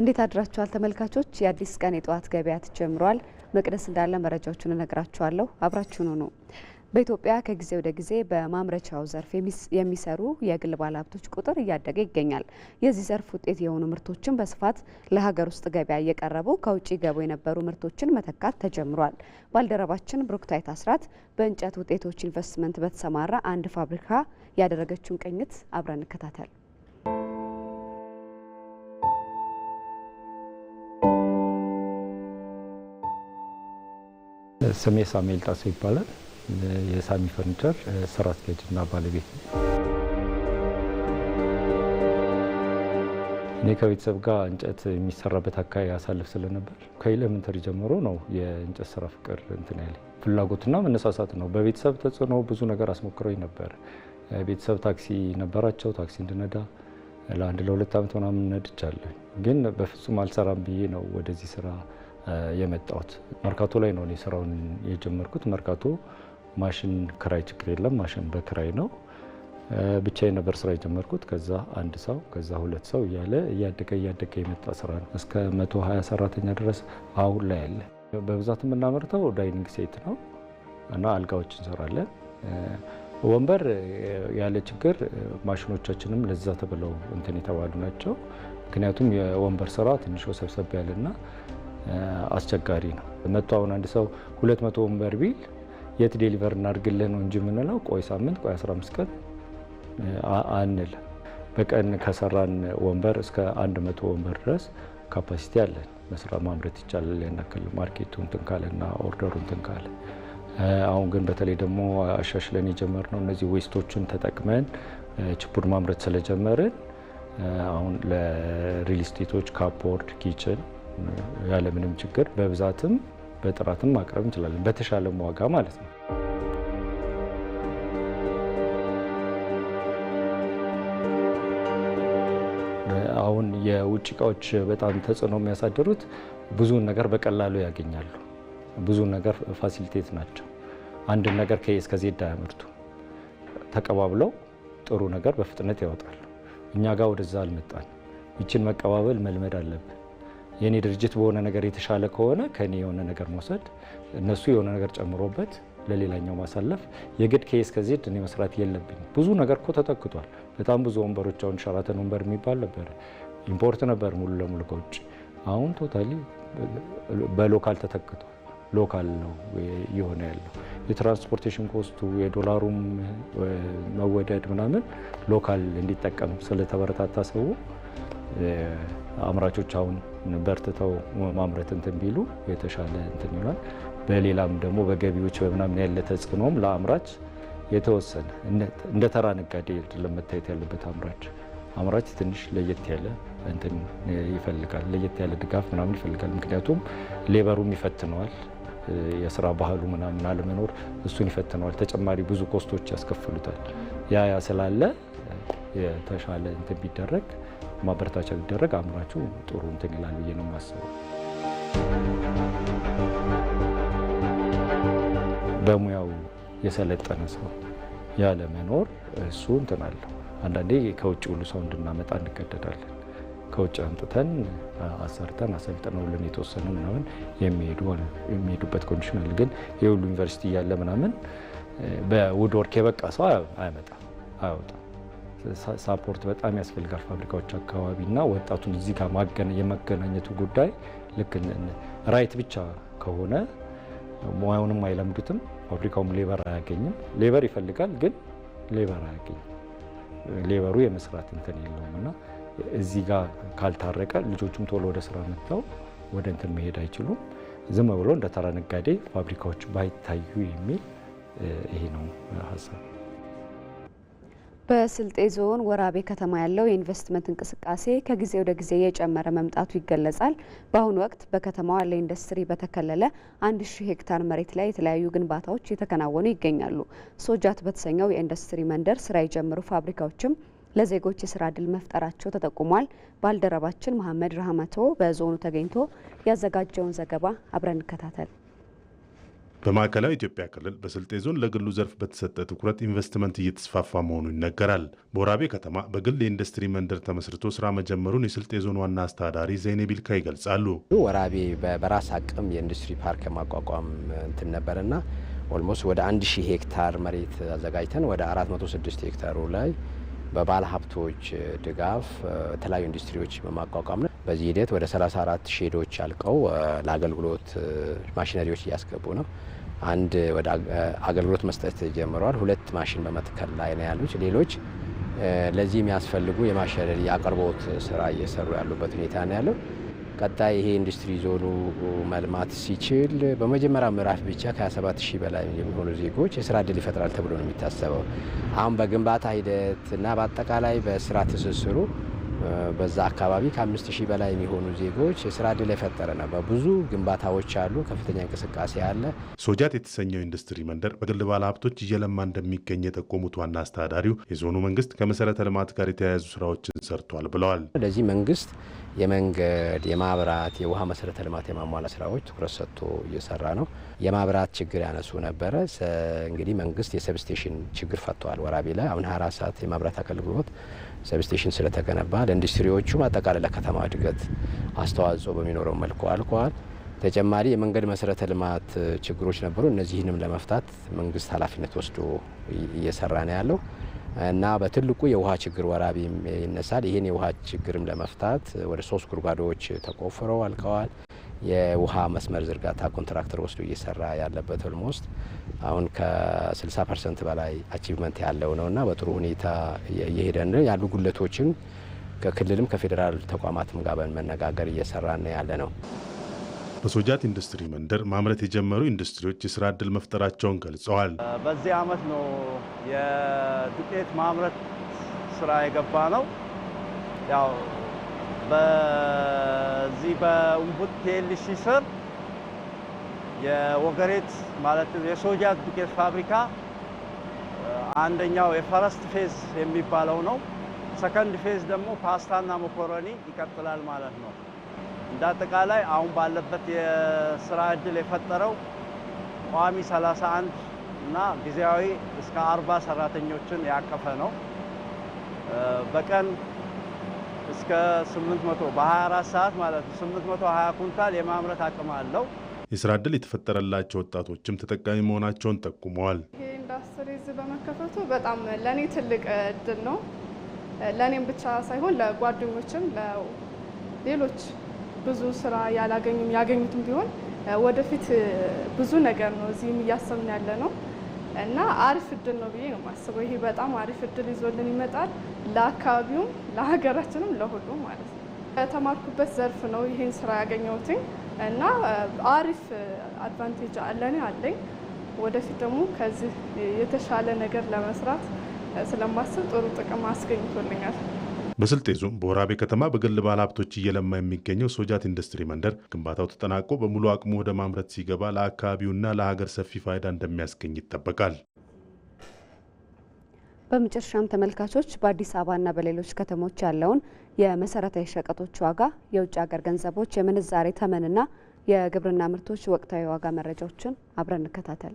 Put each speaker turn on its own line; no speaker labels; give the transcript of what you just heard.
እንዴት አድራችኋል ተመልካቾች? የአዲስ ቀን የጠዋት ገበያ ተጀምሯል። መቅደስ እንዳለ መረጃዎቹን እነግራችኋለሁ። አብራችሁን ሁኑ። በኢትዮጵያ ከጊዜ ወደ ጊዜ በማምረቻው ዘርፍ የሚሰሩ የግል ባለሀብቶች ቁጥር እያደገ ይገኛል። የዚህ ዘርፍ ውጤት የሆኑ ምርቶችን በስፋት ለሀገር ውስጥ ገበያ እየቀረቡ ከውጭ ገቡ የነበሩ ምርቶችን መተካት ተጀምሯል። ባልደረባችን ብሩክታይት አስራት በእንጨት ውጤቶች ኢንቨስትመንት በተሰማራ አንድ ፋብሪካ ያደረገችውን ቅኝት አብረን እንከታተል።
ስሜ ሳሙኤል ጣሶ ይባላል። የሳሚ ፈርኒቸር ስራ አስኪያጅና ባለቤት ነው። እኔ ከቤተሰብ ጋር እንጨት የሚሰራበት አካባቢ ያሳልፍ ስለነበር ከኤሌመንተሪ ጀምሮ ነው የእንጨት ስራ ፍቅር እንትን ያለ ፍላጎትና መነሳሳት ነው። በቤተሰብ ተጽዕኖ ብዙ ነገር አስሞክረኝ ነበር። ቤተሰብ ታክሲ ነበራቸው። ታክሲ እንድነዳ ለአንድ ለሁለት ዓመት ምናምን ነድቻለሁ። ግን በፍጹም አልሰራም ብዬ ነው ወደዚህ ስራ የመጣሁት። መርካቶ ላይ ነው እኔ ስራውን የጀመርኩት። መርካቶ ማሽን ክራይ ችግር የለም፣ ማሽን በክራይ ነው። ብቻ ነበር ስራ የጀመርኩት። ከዛ አንድ ሰው ከዛ ሁለት ሰው እያለ እያደገ እያደገ የመጣ ስራ ነው እስከ 120 ሰራተኛ ድረስ አሁን ላይ ያለ። በብዛት የምናመርተው ዳይኒንግ ሴት ነው እና አልጋዎች እንሰራለን። ወንበር ያለ ችግር ማሽኖቻችንም ለዛ ተብለው እንትን የተባሉ ናቸው። ምክንያቱም የወንበር ስራ ትንሽ ሰብሰብ ያለና አስቸጋሪ ነው። መቶ አሁን አንድ ሰው ሁለት መቶ ወንበር ቢል የት ዴሊቨር እናድርግልህ ነው እንጂ የምንለው ቆይ ሳምንት ቆይ 15 ቀን አንል። በቀን ከሰራን ወንበር እስከ አንድ መቶ ወንበር ድረስ ካፓሲቲ አለን መስራ ማምረት ይቻላል። ያናክል ማርኬቱ እንትን ካለና ኦርደሩ እንትን ካለ አሁን ግን በተለይ ደግሞ አሻሽለን የጀመርነው እነዚህ ዌስቶችን ተጠቅመን ችቡድ ማምረት ስለጀመርን አሁን ለሪል ስቴቶች ካፖርድ ኪችን ያለምንም ችግር በብዛትም በጥራትም ማቅረብ እንችላለን፣ በተሻለም ዋጋ ማለት ነው። አሁን የውጭ እቃዎች በጣም ተጽዕኖ የሚያሳድሩት ብዙውን ነገር በቀላሉ ያገኛሉ። ብዙ ነገር ፋሲሊቴት ናቸው። አንድን ነገር ከኤ እስከ ዜድ አያመርቱ፣ ተቀባብለው ጥሩ ነገር በፍጥነት ያወጣሉ። እኛ ጋር ወደዛ አልመጣን። ይችን መቀባበል መልመድ አለብን። የእኔ ድርጅት በሆነ ነገር የተሻለ ከሆነ ከእኔ የሆነ ነገር መውሰድ፣ እነሱ የሆነ ነገር ጨምሮበት ለሌላኛው ማሳለፍ የግድ ከየስ ከዚህ እኔ መስራት የለብኝ። ብዙ ነገር እኮ ተተክቷል። በጣም ብዙ ወንበሮች አሁን ሸራተን ወንበር የሚባል ነበር፣ ኢምፖርት ነበር ሙሉ ለሙሉ ከውጭ። አሁን ቶታሊ በሎካል ተተክቷል። ሎካል ነው የሆነ ያለው የትራንስፖርቴሽን ኮስቱ የዶላሩም መወደድ ምናምን ሎካል እንዲጠቀም ስለተበረታታ ሰው አምራቾች አሁን በርትተው ማምረት እንትን ቢሉ የተሻለ እንትን ይሏል። በሌላም ደግሞ በገቢዎች በምናምን ያለ ተጽዕኖም ለአምራች የተወሰነ እንደ ተራ ነጋዴ ለመታየት ያለበት አምራች አምራች ትንሽ ለየት ያለ እንትን ይፈልጋል፣ ለየት ያለ ድጋፍ ምናምን ይፈልጋል። ምክንያቱም ሌበሩም ይፈትነዋል፣ የስራ ባህሉ ምናምን አለመኖር እሱን ይፈትነዋል። ተጨማሪ ብዙ ኮስቶች ያስከፍሉታል። ያ ያ ስላለ የተሻለ እንትን ቢደረግ ማበረታቻ ቢደረግ አምራችሁ ጥሩ እንትን ይላል ብዬ ነው የማስበው። በሙያው የሰለጠነ ሰው ያለ መኖር እሱ እንትን አለው። አንዳንዴ ከውጭ ሁሉ ሰው እንድናመጣ እንገደዳለን። ከውጭ አምጥተን አሰርተን አሰልጥነውልን የተወሰኑ ምናምን የሚሄዱበት ኮንዲሽን አለ። ግን የሁሉ ዩኒቨርሲቲ እያለ ምናምን በውድ ወርክ የበቃ ሰው አያመጣ አያወጣ ሳፖርት በጣም ያስፈልጋል ፋብሪካዎች አካባቢ ወጣቱን እዚህ ጋር የማገናኘቱ ጉዳይ ልክ ራይት ብቻ ከሆነ ሙያውንም አይለምዱትም፣ ፋብሪካውም ሌበር አያገኝም። ሌበር ይፈልጋል ግን ሌበር አያገኝም። ሌበሩ የመስራት እንትን የለውም እና እዚህ ጋር ካልታረቀ ልጆቹም ቶሎ ወደ ስራ መጥተው ወደ እንትን መሄድ አይችሉም። ዝም ብሎ እንደ ተራ ነጋዴ ፋብሪካዎች ባይታዩ የሚል ይሄ ነው ሀሳብ።
በስልጤ ዞን ወራቤ ከተማ ያለው የኢንቨስትመንት እንቅስቃሴ ከጊዜ ወደ ጊዜ እየጨመረ መምጣቱ ይገለጻል። በአሁኑ ወቅት በከተማዋ ለኢንዱስትሪ በተከለለ አንድ ሺህ ሄክታር መሬት ላይ የተለያዩ ግንባታዎች እየተከናወኑ ይገኛሉ። ሶጃት በተሰኘው የኢንዱስትሪ መንደር ስራ የጀመሩ ፋብሪካዎችም ለዜጎች የስራ እድል መፍጠራቸው ተጠቁሟል። ባልደረባችን መሐመድ ረህመቶ በዞኑ ተገኝቶ ያዘጋጀውን ዘገባ አብረን እንከታተል።
በማዕከላዊ ኢትዮጵያ ክልል በስልጤ ዞን ለግሉ ዘርፍ በተሰጠ ትኩረት ኢንቨስትመንት እየተስፋፋ መሆኑ ይነገራል። በወራቤ ከተማ በግል የኢንዱስትሪ መንደር ተመስርቶ ስራ መጀመሩን የስልጤ ዞን ዋና አስተዳዳሪ ዘይኔ ቢልካ ይገልጻሉ።
ወራቤ በራስ አቅም የኢንዱስትሪ ፓርክ የማቋቋም እንትን ነበርና ኦልሞስት ወደ 1000 ሄክታር መሬት አዘጋጅተን ወደ 406 ሄክታሩ ላይ በባለ ሀብቶች ድጋፍ የተለያዩ ኢንዱስትሪዎች በማቋቋም ነው። በዚህ ሂደት ወደ 34 ሼዶች አልቀው ለአገልግሎት ማሽነሪዎች እያስገቡ ነው። አንድ ወደ አገልግሎት መስጠት ጀምረዋል። ሁለት ማሽን በመትከል ላይ ነው ያሉት። ሌሎች ለዚህ የሚያስፈልጉ የማሽነሪ አቅርቦት ስራ እየሰሩ ያሉበት ሁኔታ ነው ያለው። ቀጣይ ይሄ ኢንዱስትሪ ዞኑ መልማት ሲችል በመጀመሪያ ምዕራፍ ብቻ ከ27 ሺህ በላይ የሚሆኑ ዜጎች የስራ እድል ይፈጥራል ተብሎ ነው የሚታሰበው። አሁን በግንባታ ሂደት እና በአጠቃላይ በስራ ትስስሩ በዛ አካባቢ ከአምስት ሺህ በላይ የሚሆኑ ዜጎች የስራ እድል የፈጠረ ነው። በብዙ ግንባታዎች አሉ፣ ከፍተኛ እንቅስቃሴ አለ።
ሶጃት የተሰኘው ኢንዱስትሪ መንደር በግል ባለ ሀብቶች እየለማ እንደሚገኝ የጠቆሙት ዋና አስተዳዳሪው የዞኑ መንግስት ከመሰረተ ልማት ጋር የተያያዙ ስራዎችን ሰርቷል ብለዋል።
ለዚህ መንግስት የመንገድ፣ የማብራት፣ የውሃ መሰረተ ልማት የማሟላት ስራዎች ትኩረት ሰጥቶ እየሰራ ነው። የማብራት ችግር ያነሱ ነበረ። እንግዲህ መንግስት የሰብስቴሽን ችግር ፈጥተዋል። ወራቤ ላይ አሁን ሀያ አራት ሰዓት የማብራት አገልግሎት ሰብስቴሽን ስለተገነባ ለኢንዱስትሪዎቹም አጠቃላይ ለከተማ እድገት አስተዋጽኦ በሚኖረው መልኩ አልቋል። ተጨማሪ የመንገድ መሰረተ ልማት ችግሮች ነበሩ። እነዚህንም ለመፍታት መንግስት ኃላፊነት ወስዶ እየሰራ ነው ያለው። እና በትልቁ የውሃ ችግር ወራቢ ይነሳል። ይህን የውሃ ችግርም ለመፍታት ወደ ሶስት ጉድጓዶች ተቆፍረው አልቀዋል። የውሃ መስመር ዝርጋታ ኮንትራክተር ወስዶ እየሰራ ያለበት ኦልሞስት አሁን ከ60 ፐርሰንት በላይ አቺቭመንት ያለው ነው እና በጥሩ ሁኔታ እየሄደ ያሉ ጉለቶችን ከክልልም ከፌዴራል ተቋማትም ጋር በመነጋገር እየሰራ ያለ ነው።
በሶጃት ኢንዱስትሪ መንደር ማምረት የጀመሩ ኢንዱስትሪዎች የስራ ዕድል መፍጠራቸውን ገልጸዋል።
በዚህ አመት ነው የዱቄት ማምረት ስራ የገባ ነው። ያው በዚህ በኡምቡድ ፒኤልሲ ስር የወገሬት ማለት የሶጃት ዱቄት ፋብሪካ አንደኛው የፈረስት ፌዝ የሚባለው ነው። ሰከንድ ፌዝ ደግሞ ፓስታና መኮረኒ ይቀጥላል ማለት ነው። እንደ አጠቃላይ አሁን ባለበት የስራ እድል የፈጠረው ቋሚ 31 እና ጊዜያዊ እስከ 40 ሰራተኞችን ያቀፈ ነው። በቀን እስከ 800 በ24 ሰዓት ማለት ነው 820 ኩንታል የማምረት አቅም አለው።
የስራ እድል የተፈጠረላቸው ወጣቶችም ተጠቃሚ መሆናቸውን ጠቁመዋል።
ይሄ ኢንዱስትሪ እዚህ በመከፈቱ በጣም ለእኔ ትልቅ እድል ነው። ለእኔም ብቻ ሳይሆን ለጓደኞችም፣ ለሌሎች ብዙ ስራ ያላገኙም ያገኙትም ቢሆን ወደፊት ብዙ ነገር ነው እዚህም እያሰብን ያለ ነው እና አሪፍ እድል ነው ብዬ ነው የማስበው። ይሄ በጣም አሪፍ እድል ይዞልን ይመጣል ለአካባቢውም፣ ለሀገራችንም፣ ለሁሉም ማለት ነው። ከተማርኩበት ዘርፍ ነው ይሄን ስራ ያገኘሁትኝ እና አሪፍ አድቫንቴጅ አለን አለኝ። ወደፊት ደግሞ ከዚህ የተሻለ ነገር ለመስራት ስለማስብ ጥሩ ጥቅም አስገኝቶልኛል።
በስልጤ ዞን በወራቤ ከተማ በግል ባለሀብቶች እየለማ የሚገኘው ሶጃት ኢንዱስትሪ መንደር ግንባታው ተጠናቆ በሙሉ አቅሙ ወደ ማምረት ሲገባ ለአካባቢውና ለሀገር ሰፊ ፋይዳ እንደሚያስገኝ ይጠበቃል።
በመጨረሻም ተመልካቾች በአዲስ አበባና በሌሎች ከተሞች ያለውን የመሰረታዊ ሸቀጦች ዋጋ፣ የውጭ ሀገር ገንዘቦች የምንዛሬ ተመንና የግብርና ምርቶች ወቅታዊ ዋጋ መረጃዎችን አብረን እንከታተል።